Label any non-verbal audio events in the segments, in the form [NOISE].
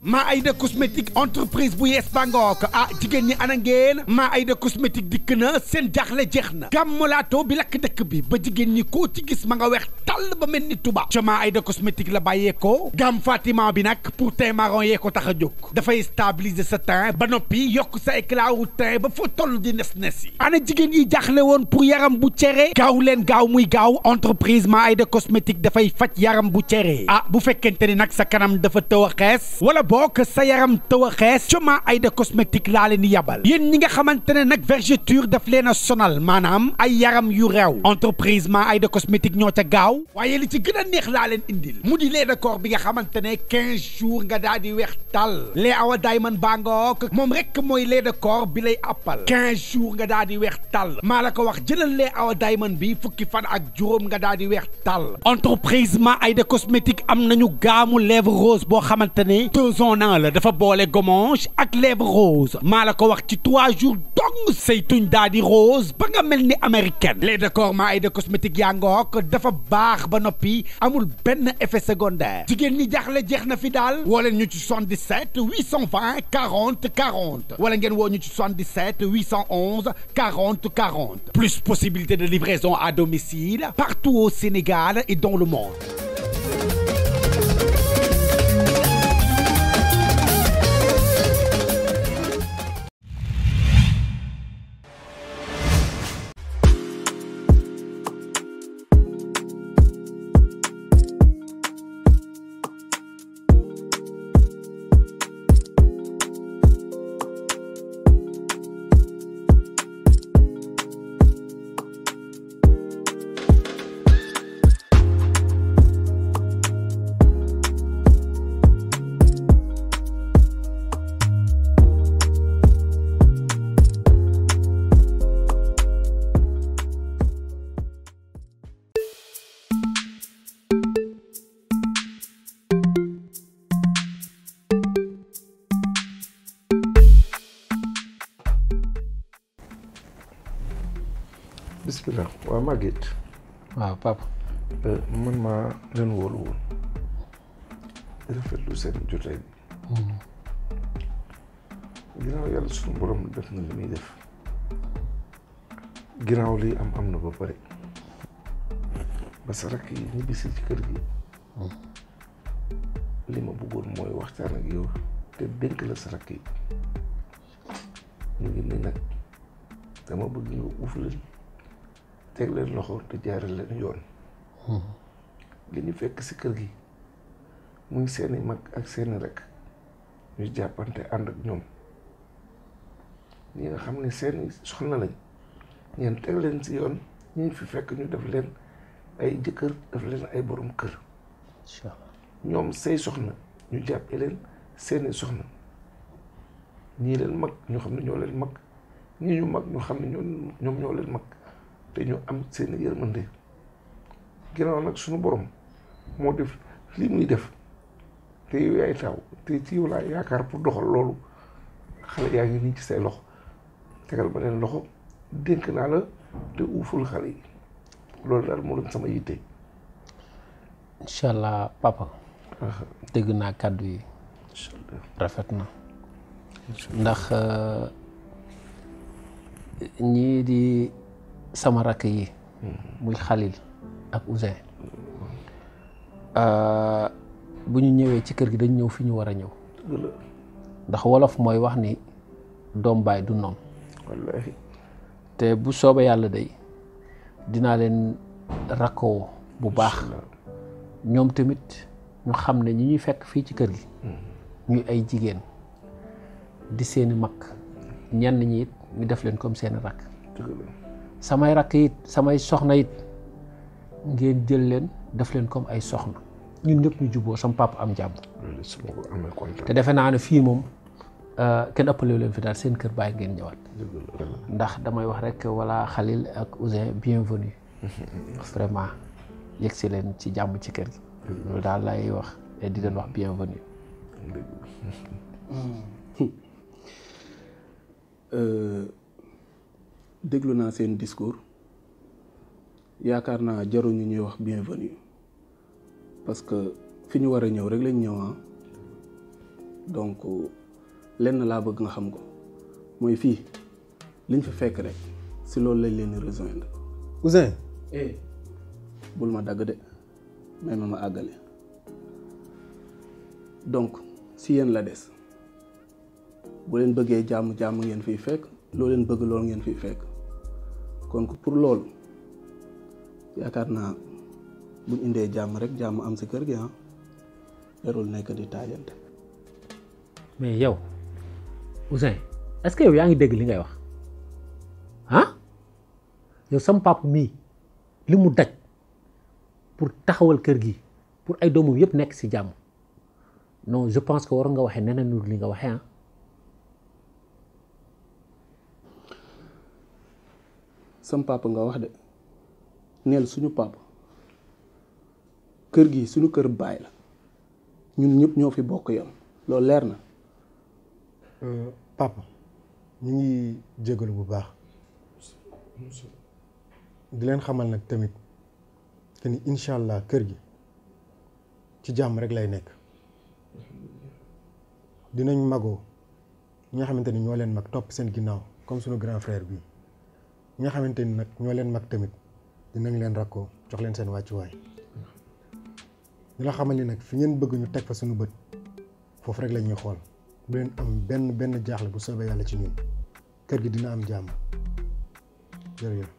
maa ay da cosmétique entreprise bu yees bangook ah jigéen ñi ana ngeen maa ay da cosmétique dikk na seen jaaxle jeex na gàmmu laato bi lakk dëkk bi ba jigéen ñi koo ci gis ma nga weex tàll ba mel ni tubaab ca maa ay da cosmétique la bàyyee ko gamme Fatima bi nag pour teint marron yee ko tax a jóg dafay stabiliser sa teint ba noppi yokk sa éclat wu teint ba foo toll di nes nes yi ana jigéen yi jaaxle woon pour yaram bu cere gaaw leen gaaw muy gaaw entreprise maa ay da cosmétique dafay faj yaram bu cere ah bu fekkente ni nag sa kanam dafa tëw a xees bokk sa yaram taw a xees coma ay de cosmétique laa leen di yabal yéen ñi nga xamante ne nag vergeture daf leen a sonal maanaam ay yaram yu reew entreprise ma ay de cosmétique ñoo ca gaaw waaye li ci gën a neex laa leen indil mu di lait de corps bi nga xamante ne quinze jours nga daal di weex tal lait awa diamond baa nga wok moom rek mooy lee de corps bi lay appal quinze jours nga daal di weex tal maa la ko wax jëlal lait awa man bi fukki fan ak juróom nga daal di weex tal entreprise ma ay am nañu gaamu lèvre rose boo sonant la dafa bolé gommage ak lèvres rose malako wax ci trois jours dong say dadi daal rose ba nga melni américaine les décor et de cosmétiques yaa ngook dafa bax ba nopi amul ben effet secondaire jigen ni jaxlé jexna fi dal woo ñu ci 77 820 40 40 wala ngeen woo ñu ci 77 811 40 40 plus possibilité de livraison à domicile partout au Sénégal et dans le monde waaw Maguette. waaw papa. Euh, man maa leen wóolu woon. rafetlu seen jotaay bi. Hmm. ginnaaw yàlla suñu borom def na li muy def. ginnaaw lii am am na ba pare. parce que rakk yi ñu ci kër gi. Hmm. li ma bëggoon mooy waxtaan ak yow te dénk la sa rakk yi. nii nag dama bëgg nga uuf leen. teg leen loxo te jaaral leen yoon hmm. li ñu fekk si kër gi muy seeni mag ak seeni rek ñu jàppante ànd ak ñoom ñi nga xam ne seeni soxna lañ ñeen teg leen si yoon ñu fi fekk ñu def leen ay jëkkër def leen ay borom kër ñoom sey soxna ñu jàppee leen seeni soxna ñii leen mag ñu xam ne ñoo leen mag ñii ñu mag ñoo xam ne ñoom ñoo leen mag te ñu am seen yërmande ginnaaw nag suñu borom moo def li muy def te yow yaay taw te ci yow laa yaakaar pour doxal loolu xale yaa ngi nii ci say loxo tegal ba leen loxo dénk naa la te uuful xale yi loolu daal moo doon sama yitte. incha allah papa. dégg naa kàddu yi. rafet na. ndax ñii di. sama rakk yi mm-hmm. muy Xalil ak Ousin mm-hmm. euh, bu ñu ñëwee ci kër gi dañ ñëw fi ñu war a ñëw ndax wolof mooy wax ni doom baay du noom te bu soobee yàlla dey dinaa leen rakkoo bu baax ñoom tamit ñu xam ne ñi ñuy fekk fii ci kër gi mm-hmm. ñuy ay jigéen di seeni mag ñenn ñi it ñu def leen comme seeni rakk samay rakk it samay soxna yit ngeen jël leen def leen comme ay soxna ñun ñëpp ñu juboo sama papa am jàmm. te defe naa ne fii moom euh, kenn ëppale leen fi daal seen kër bàyyi ngeen ñëwaat. ndax damay wax rek wala xalil ak Ouzin bienvenue [LAUGHS] vraiment yegg si leen ci jàmm ci kër gi. loolu daal lay wax di leen wax bienvenue. dëgg [LAUGHS] euh, déglu naa seen discours yaakaar naa jaruñu ñuy wax bienvenue parce que fi ñu war a ñëw rek lañ ñëwaa ah. donc lenn laa bëgg nga xam ko mooy fii liñ fi fekk rek si loolu lañ leen rejoindre Ouzin eh bul ma dagg de may ma ma àggale donc si yéen la des bu leen bëggee jàmm jàmm ngeen fiy fekk loo leen bëgg loolu ngeen fiy fekk kon pour loolu yaakaar naa buñ indee jàmm rek jàmm am si kër gi ah jarul nekk di taajante. mais yow Ouzin est que yow yaa ngi dégg li ngay wax ah yow sam pap mii li mu daj pour taxawal kër gi pour ay doomam yëpp nekk si jàmm non je pense que waroon nga waxee neneen lu li nga waxe ah. sam papa nga wax de neel suñu papa kër gi suñu kër bay la ñun ñëpp ño fi bokk yam leer na euh, papa ñi ngi jégalu bu baax di leen xamal nak tamit que ni inshallah allah kër gi ci jamm rek lay nekk dinañ mago ñi nga xamanteni ñoo leen mag top seen ginnaw comme suñu grand frère bii ñi nga xamanteni nak ñoo leen mag tamit ngi leen rakko jox leen seen wàccuwaay ñu la xamal ni nag fi ngeen bëgg ñu teg fa suñu bët foofu rek la ñuy xool bu leen am benn benn jaaxle bu soobee yàlla ci ñun kër gi dina am jàmm jërëjëf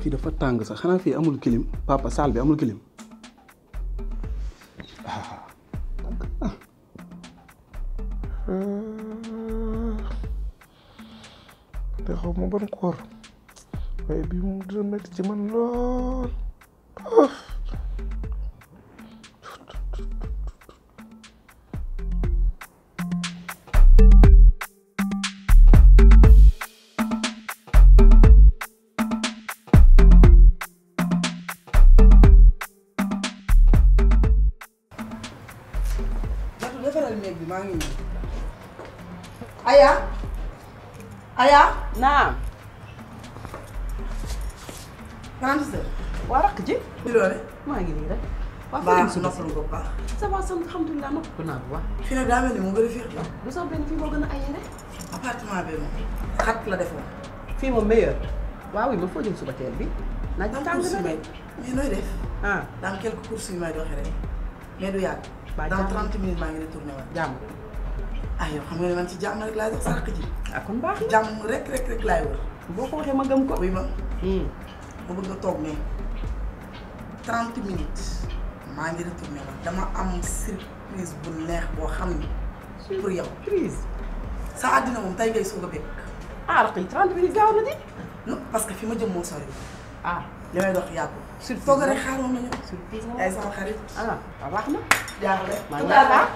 fii dafa tàng sax xanaa fii amul kilim papa salle bi amul kilim sant alhamdulilah ma ko naa bu baax. fii nag daa ni moo gën a féex. lu sax benn fii moo gën a ay yére. appartement bi moom xat la defoon. fii moom meilleur. waaw oui ma foo jëm suba teel bi. naaj bi tàng na de mais nooy def. ah dans quelques courses yu may doxee rek mais du yàgg. waa dans trente minutes maa ngi retourné waat jàmm. ah yow xam nga ne man ci jàmm rek laay dox sànq ji. ah kon baax na jàmm rek rek rek laay wër. boo ko waxee ma gëm ko. oui ma. Hmm. ma bëgg nga toog mais trente maa ngi retourné waat dama am surprise bu neex boo xam ni pour yow. surprise sa àddina moom tey ngay soog a békk. ah rëq yi 30 minutes gaaw na di. non parce que fi ma jëm moo sori. ah li may dox yàggu. surprise soog a rek xaaroon nañu. surprise yaay sama xarit. ah waaw baax na. jaaxle maa ngi lay baax.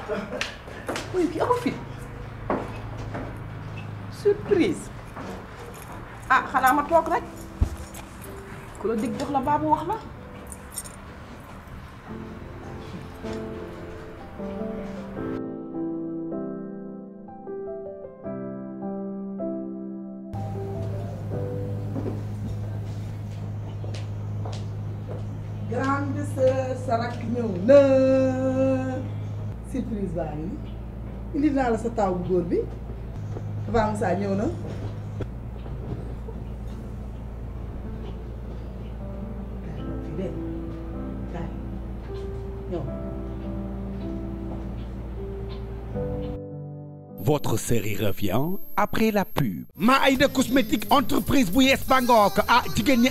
muy kii amu fi surprise ah xanaa ma toog rek ku la dégg jox la baabu wax la. ñëw na surprise baa ngi indi naa la sa taw bu góor bi Papa saa ñëw na votre série revient après la pub. Ma aide cosmétique entreprise Bouyes Bangok a ah jigéen ñi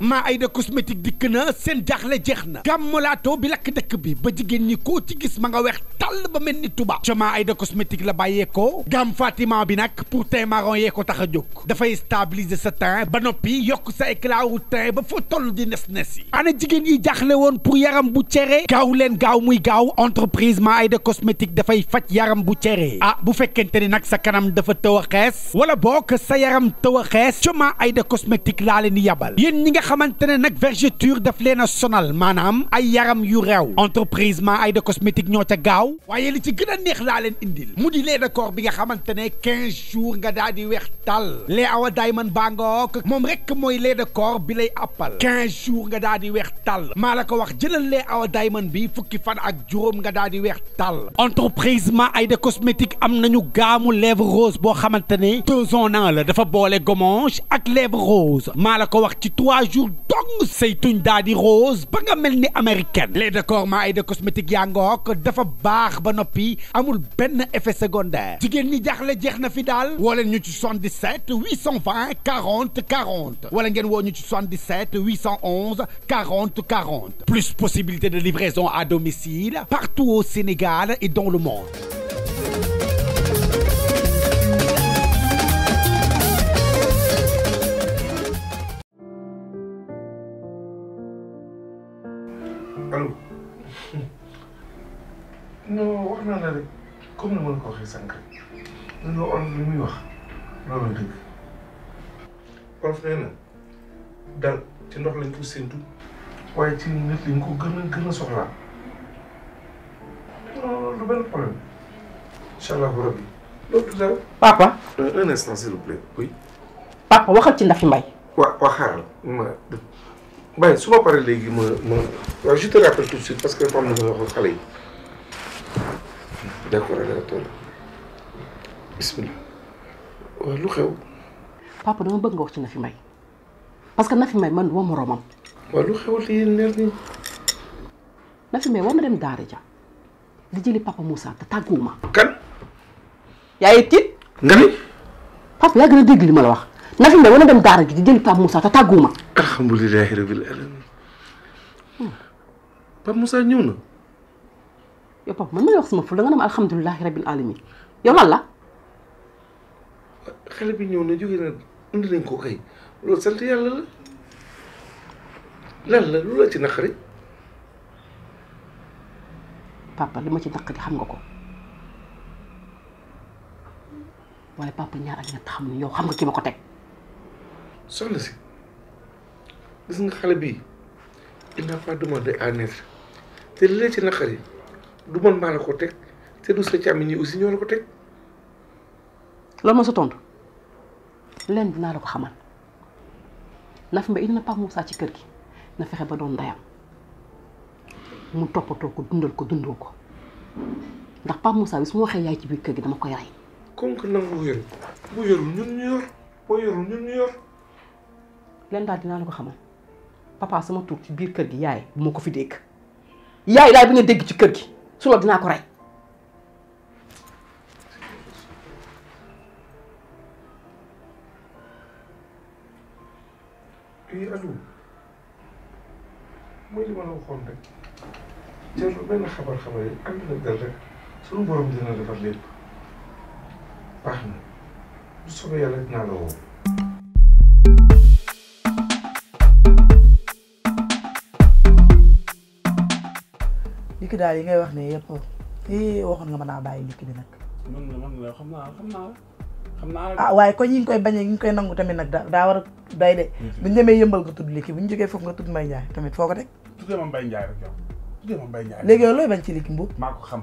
ma cosmétique dikna sen seen jaaxle gam molato gàmmolaato bi lakk dëkk bi ba jigéen ko ci gis ma nga tal ba melni touba. Ci ma cosmétique la ko. gam Fatima bi nak pour teint marron yé ko tax a Da fay stabiliser sa teint ba nopi yok sa éclat ou teint ba fo toll di nes nes ana yi pour yaram bu tiéré. Gaw len gaw muy gaw entreprise maa cosmétique da cosmétique dafay yaram bu tiéré. ah bu fekkente ni nag sa kanam dafa tëw a xees wala book sa yaram tëw a xees Coma Aïda cosmétique laa leen yabal yéen ñi nga xamante ne nag vergeture daf leen a sonal maanaam ay yaram yu reew entreprise ma Aïda cosmétique ñoo ca gaaw waaye li ci gën a neex laa leen indil mu di lait de corps bi nga xamante ne quinze jours nga daal di weex tal lait awa diamond baa ngook moom rek mooy lee de corps bi lay appal quinze jours nga daal di weex tàll maa la ko wax jëlal lait awa diamond bi fukki fan ak juróom nga daal di weex gaamu lèvre rose bo xamante ne deux en la dafa boole gommage ak lèvre rose maa ko wax ci trois jours dong c'est une rose ba nga melni américaine les décorements et de cosmétique yaa ngook dafa bax ba nopi amul ben effet secondaire jigen ni jaaxle jeex fi dal woo ñu ci 77 820 40 40 wala ngeen woo ci 77 811 40 40 plus possibilité de livraison à domicile partout au Sénégal et dans le monde comme ni ma ko waxee sànq dañoo olof li muy wax loolu dëgg olof nee na dal ci ndox lañ ko séntu waaye ci nit lañ ko gën a gën a soxlaa non loolu du benn problème incha allah rabbi loolu du dara. papa. Euh, un instant s'il vous plaît oui. papa waxal ci Nafi Mbaye. waaw waaw xaaral ma Mbaye su ma paree léegi ma ma waaw je te rappelle tout de suite parce que dafa am lu ma wax xale yi. D'accord, d'accord. bisimilah. waaw lu xew. papa dama bëgg nga wax ci Nafi Mbaye parce que Nafi Mbaye man duma moroomam. waaw lu xew te yéen leer nañu. Nafi Mbaye war na dem daara ja di jëli papa Moussa te tàgguwuma. kan. yaa ngi tiit. nga ni. papa yaa gën a dégg li ma la wax Nafi Mbaye war na dem daara ji di jëli papa Moussa te tàgguwuma. alhamdulilah rabbil alamin. papa Moussa ñëw na. yow papa man ma lay wax sama ful da nga naan alhamdulilahi rabbil bi ñëw na jóge nañ ko kay loolu sant yàlla la lan xam nga ko waaye papa ñaar ak ñett xam yow xam nga ki ma ko teg. soxna si gis nga xale bi il n'a pas demandé te li la ci naqari. du man maa ko teg te du sa càmmiñ ñi aussi ñoo la ko teg. loolu ma sa tontu leen dinaa la ko xamal Nafi Mbaye indi na Pape Moussa ci kër gi na fexe ba doon ndeyam mu toppatoo ko dundal ko dundoo ko ndax Pape Moussa bi su ma waxee yaay ci biir kër gi dama koy rey. comme que nangu ko yorul bu yorul ñun ñu yor boo yorul ñun ñu daal dinaa la ko xamal papa sama tur ci biir kër gi yaay moo ko fi dégg yaay daal bi nga dégg ci kër gi. suba dinaa ko rey kii Aliou mooy li ma la waxoon rek jarul benn xabar-xabar yi ànd nag dal rek sunu borom dina defar lépp baax na bu soobee yàlla dinaa la woo liki daal yi wax ne yëpp eh waxoon nga mën naa bàyyi liki bi nag. na mën na xam naa xam naa xam naa. ah ñi ngi koy bañee ñi ngi koy nangu tamit nag daa war a day de. Mm-hmm. bu ñu demee yëmbal nga tudd liki nga tudd Mbaye Ndiaye tamit foo ko teg. tuddee ma Mbaye Ndiaye rek yow tuddee ma Mbaye Ndiaye. léegi yow looy bañ ci liki mbuub. maa ko xam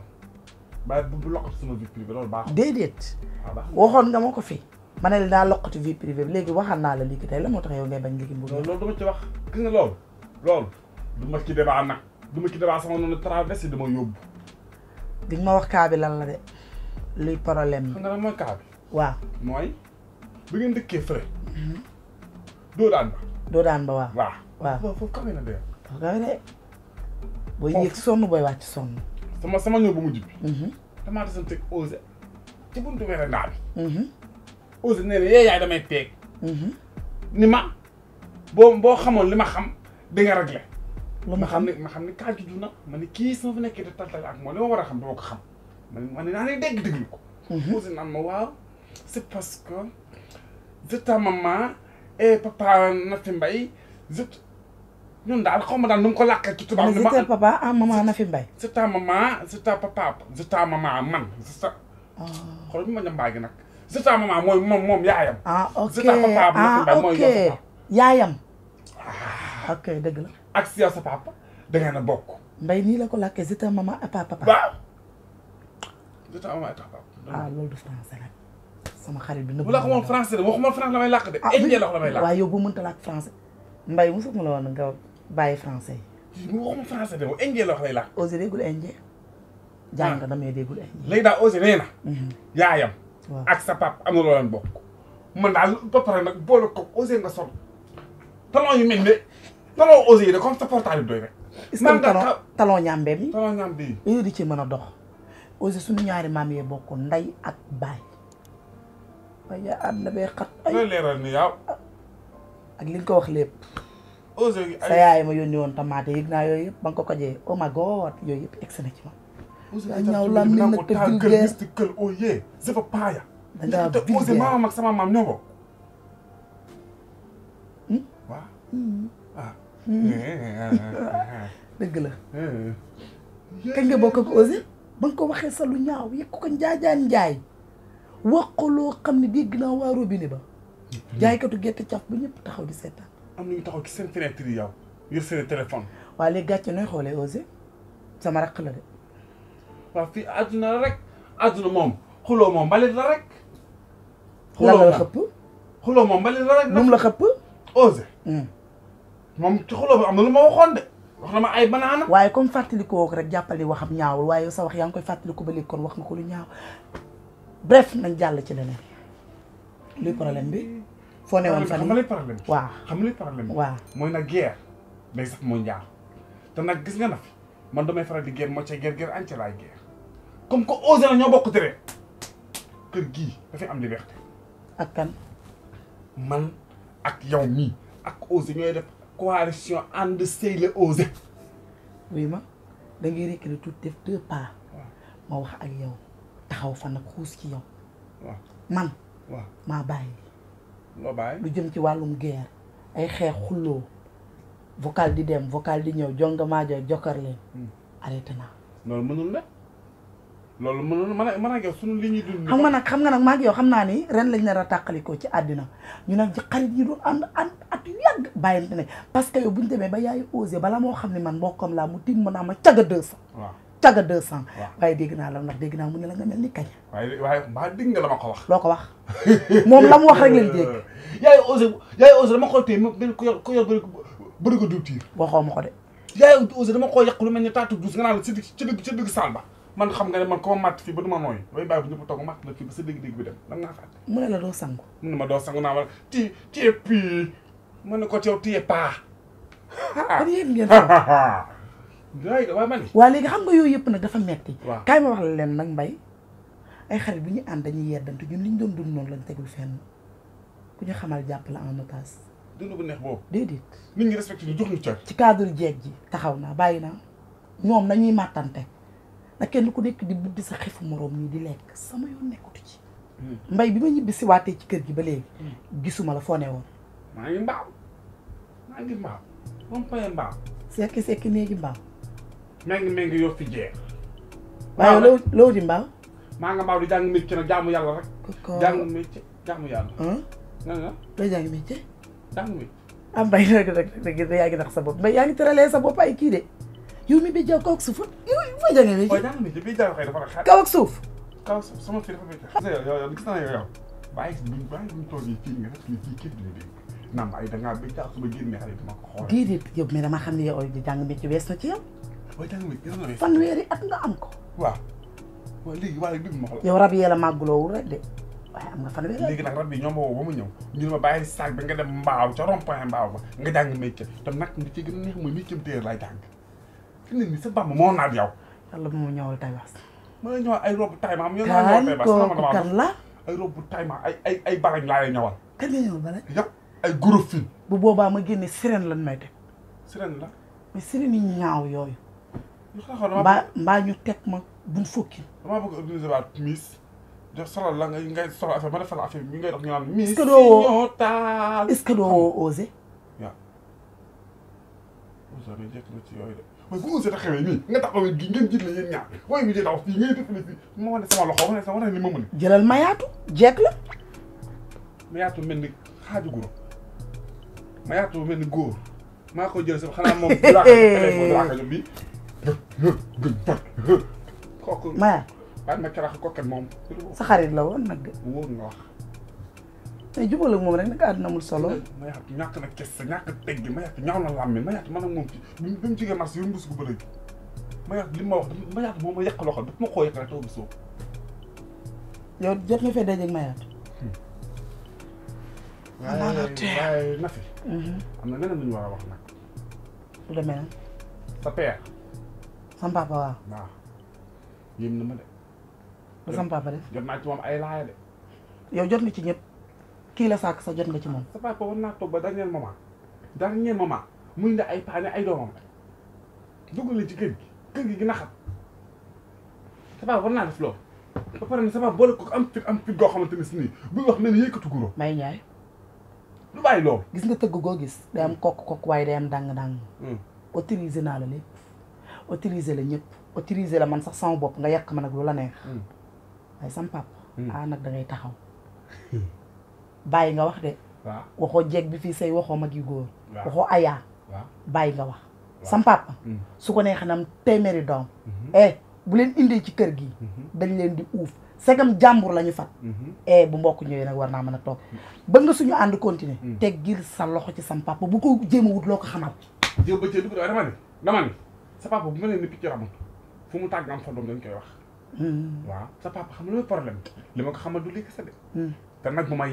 waaye bu loqati sama déedéet ah, waxoon nga ma ko fi. ma ne la daa loqati vie privée bi léegi waxal naa la liki tey la moo tax yow ngay bañ liki mbuub. loolu dama ci wax gis nga loolu loolu du ma ci débat nag duma ci damaa sama noonu traversé dama yóbbu. di ma wax kaa lan la de luy problème bi. xam nga lan mooy kaa bi. waaw mooy. bi ngeen dëkkee fële. Mhm. doo daan ba. doo daan ba waaw. waaw waaw foofu kawe na de. foofu kawe de. booy yéeg sonn booy wàcc sonn. sama sama ñëw bu mujj bi. Mhm. damaa desante ak Ousseyn. ci buntu weeree naa bi. Mhm. Ousseyn nee na yee yaay damay teeg. ni ma boo boo xamoon li ma xam di nga réglé. lu ma xam ne ma xam ne kaa na ma ne kii a xam dama ko xam ma ne ma ne naa ne dégg déglu ko. aussi mhm. naan ma waaw c'est parce que ta maman et papa Nafi Mbaye je ñun xaw ma daal nu mu ko làkkee ci tubaab. ma je papa ah maman Nafi Mbaye. je ta maman je ta papa je ta maman man ah. je ta. xool mooy moom yaayam. ah ta papa Nafi ah, Mbaye mooy yaayam. Ah. ok dëgg la. ak sa papa da ngeen na bok mbay nii la ko làkkee zeta maman et papa. waaw zeta maman et papa. ah loolu du français nag sama xarit bi. nëbb la ko moom français de waxuma français lamay laq de. ah éniyee la ko may làkk waaye yow bu mënta laq français. mbay mosuma la woon nga baye français yi. waxuma français de moom éniyee la ko may làkk. osé déggul indien. jàng nga damay déggul indien. léegi daal osé nee mhm. yaayam. ak sa papa amul na loo leen man daal ba pare nag boole ko osé nga sol talon yu mel talon aussi de comme sa portable doy rek. di ci mën a dox. aussi suñu ñaari maam yee bokk ndey ak baay. waaye àdduna bee xat. ay ak li nga ko wax lépp. ose yi ay sa yaay ma yónni woon tamaate yëg naa yooyu yëpp ba nga ko kojee oh my god yooyu yëpp egg yaa ñaaw la nag te vulgaire ose kër oyee oh zëfa sama maam [LAUGHS] dëgg la. [LAUGHS] kañ nga bokk ak Ousseyn ko waxee sa lu ñaaw yëg ko njaajaan njaay wax ko loo xam ne dégg naa waa robinet ba. Mhm. jaaykatu gerte caaf bu ñëpp taxaw di seetaan. am nañu taxaw ci seen fenêtre yi yow yor seen téléphone. waa léegi gàcce nooy xoolee Ousseyn sama raq la de. waaw fii àdduna la rek àdduna moom xuloo moom mbalit la rek. xuloo moom lan la xëpp. xuloo moom mbalit la rek. num la xëpp Ousseyn. mom ci xuloo am na lu ma waxoon de wax na ma ay banana waye comme fatali ko rek jappali waxam ñaawul waye sa wax yang koy fatali ko léegi kon wax nga ko lu ñaaw bref nañ jall ci leneen li problème bi fo newoon fan yi wa problème waaw xam li problème wa moy na guerre mais sax moy njaar te nak gis nga na fi man damay faral di guerre mo ci guerre guerre anti la guerre comme ko oser na ñoo bokk tere gi da fi am liberté ak kan man ak yow mi ak osé ñoy def coalition ànd sëy la osé. oui ma da ngay reculer def deux pas. ma wax ak yow taxaw fa nag xuus ci yow. man. maa bàyyi. lu jëm ci wàllum guerre. ay xeex xulloo. vocal di dem vocal di ñëw jonga maa jokkar leen. Hmm. arrêté naa. loolu mënul la. loolu mën na mën a suñu li xam nga nag xam nga nag maa ngi yow xam naa ni ren lañ nar a ko ci àddina ñu nag ci xarit yi doon ànd ànd at yu yàgg bàyyante ne parce que yow bu ñu demee ba yaay osé bala moo xam ne man mbokkam laa mu tiim mën naa ma caga deux cent. waaw caga deux cent. waaye dégg naa la dégg naa mu ne la nga mel ni kañ. waaye waaye maa ko wax. loo ko wax [LAUGHS] moom la mu wax rek lañ dégg. yaay osé yaay osé dama ko téye benn ku yor ku yor bëri ko diw tiir. waxoo ma ko de. yaay ni taatu duus nga naan ci digg ci saal ba man xam nga ne man ko ma màtt fii ba du ma nooy looy bàyyi ko ñëpp toog màtt la fii ba sa dégg-dégg bi dem lan doo sangu. mu ne ma doo ma ne ko teew paa. Ah, waa léegi xam nga yooyu yëpp nag dafa metti waaw kaay ma wax la leen nag mbay bu ñu ànd dañuy yeddante ñun li ñu doon dund noonu lañ tegul fenn ku ñu xamal jàpp la en otage. dund bu neex boobu. déedéet. jox ci cadre jeeg ji taxaw naa bàyyi naa ñoom nañuy màttante na kenn ku nekk di buddi sa xefu moroom nii di lekk sama yoon nekkutu ci. Hmm. mbay bi ma ñibbi si waatee ci kër gi ba léegi. Hmm. gisuma la foo ne woon. maa ngi mbaaw maa ngi mbaaw moom fooyee mbaaw. sekki sekki nee ngi mbaaw. mengi maa nga mbaaw di jàng métier nag jaamu yàlla rek. jàng métier jaamu yàlla. nan la looy jàng ah, mbay yaa ngi nax sa bopp mbay yaa ngi tëralee sa bopp ay kii de. yow mi béy jaww kaw ak suuf fa fa jàngee léegi. waaw jàng mi béy jaww xëy dafa la xaar. kaw ak suuf. kaw ak suuf sama kii dafa béy jaww. parce que yow yow gis naa yow yow bàyyi bàyyi bu ñu toogee fii nga def ni fii képp dina dégg naan ay da ngaa béy jaww su ma génnee xale bi ma ko xool. déedéet yow mais dama xam ne yow jàng mi ci wees na ci yow. waaw jàng mi gis nga fanweeri at nga am ko. waaw waaw léegi waaye dégg ma xool. yow rab yee la màgguloowul rek de waaye am nga fanweeri at. léegi nag rab bi ñoom woo ba mu ñëw ñu ne ma bàyyi saag bi nga dem mbaaw ca rond point mbaaw ba nga jàng métier te nag li ci gën a neex mooy métier téer laay jàng fi ne nii sa bàmb moo naat yow. yàlla bu ma la ay robu naa ñëwal Taïbas kooku kan la ay robu Taïba ay bu boobaa ma génne sirène la. ma buñ fukki. damaa bëgg organiser waat Miss. ma defal affaire bi ngay dox ñu naan. Miss ñoo taal est-ce que doo woo est-ce que doo mais bu Ouzin taxawee nii nga taxawee gi ngeen jiit la yéen ñaar waaye bi di daw fii ngay def fii ma wane sama loxo wane sama wane ni ma mën. jëlal mayaatu jeeg la. mayaatu mel ni xaaju guro mayaatu mel ni góor maa ko jël sama xanaa moom. bu laaka bi kooku. maya. waaye ma carax ko kenn moom. sa xarit la woon nag de. wóor nga wax. mais jubal ak moom rek nag àdduna amul solo. ma yaatu ñàkk na kes ñàkk teggi ma yaatu ma yaatu man ak moom ci bi mu jógee marché yomb si ko bële ji ma li ma wax ma yaatu ma yàq loxo daf ma koo yàq rek taw soo. yow jot nga fee dajeeg ma yaatu. Hmm. waaw waaye Nafi. Mhm. am na leneen war a wax nag. lu demee nag. sa père. sama waaw. waaw na ma de. ba sama papa jot naa ci moom ay laaya de. yow jot na ci ñëpp. kii la sàkk sa jot nga ci moom. sa papa war naa toog ba dernier moment dernier moment muy ne ay paane ay doomam dugg la ci kër gi kër gi gën a xam naa def loolu. ba pare ne sa papa boole ko am fit am fit goo xamante ne si nii buy wax mel ni yëkkatu guro. may ñaay. lu bàyyi loolu. gis nga tëgg goo gis. day am kokk kokk waaye day am dàng-dàng. Hmm. naa la lépp autorisé la ñëpp autorisé la man sax sama bop nga yàq ma nag lu la neex. Hmm. waaye sam papa. Hmm. Ah nag da ngay taxaw. [LAUGHS] bàyyi nga wax de. waxoo jeeg bi fii say waxoo mag yu góor. waxoo ayaa. bàyyi nga wax. sam papa. Mm-hmm. su ko nee xanam téeméeri doom. Mm-hmm. eh bu leen indee ci kër gi. Mm-hmm. dañ leen di uuf segam jàmbur la ñu fat eh bu mbokk ñëwee nag war naa mën a toog ba nga suñu ànd continuer mm. teg gir sa loxo ci sam papa bu ko jéem a wut loo ko xamal. jéem ba jéem waaye dama ne dama ne sa papa bu ma leen ni picc ramut fu mu tàgg am fa doom dañ koy wax. Mm. waaw sa xam nga loolu problème te nag bu ma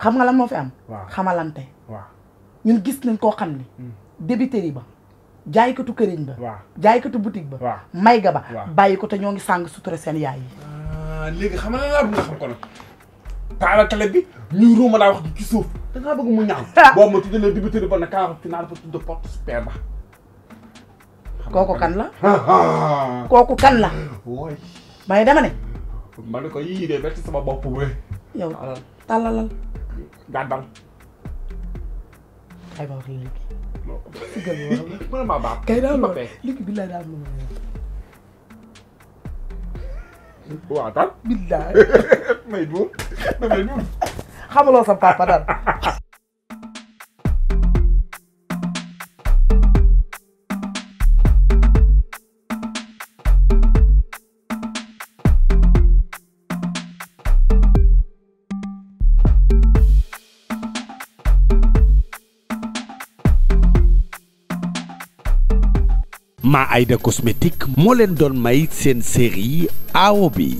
xam nga lan moo fi am. waaw xamalante. waaw ñun gis nañ koo xam hmm. débiteri ba. jaaykatu këriñ ba. waaw jaaykatu boutique ba. may ga ba. bàyyi ko te ñoo ngi sàng sutura seen yaay yi. Ah, léegi xam nga laa bëgg xam ko taala télé bi ñuy ruuma laa wax ci suuf da ngaa bëgg mu ñaaw. [LAUGHS] boo ma tuddee débiteri ba nag kaa ci naan fa tudd porte super ba. Kan kooku kan la. kooku kan la. woy. may dama ne. ma ko yii de bett sama bopp bi. yow tàllalal gàddal kay ba wax léegi sigal ma [LAUGHS] kay daal ma léegi bi lay daal ma waaw daal [LAUGHS] may duur damay duur xamaloo sa papa daal [LAUGHS] Mama Aïda cosmétique moo leen doon may seen série awo bi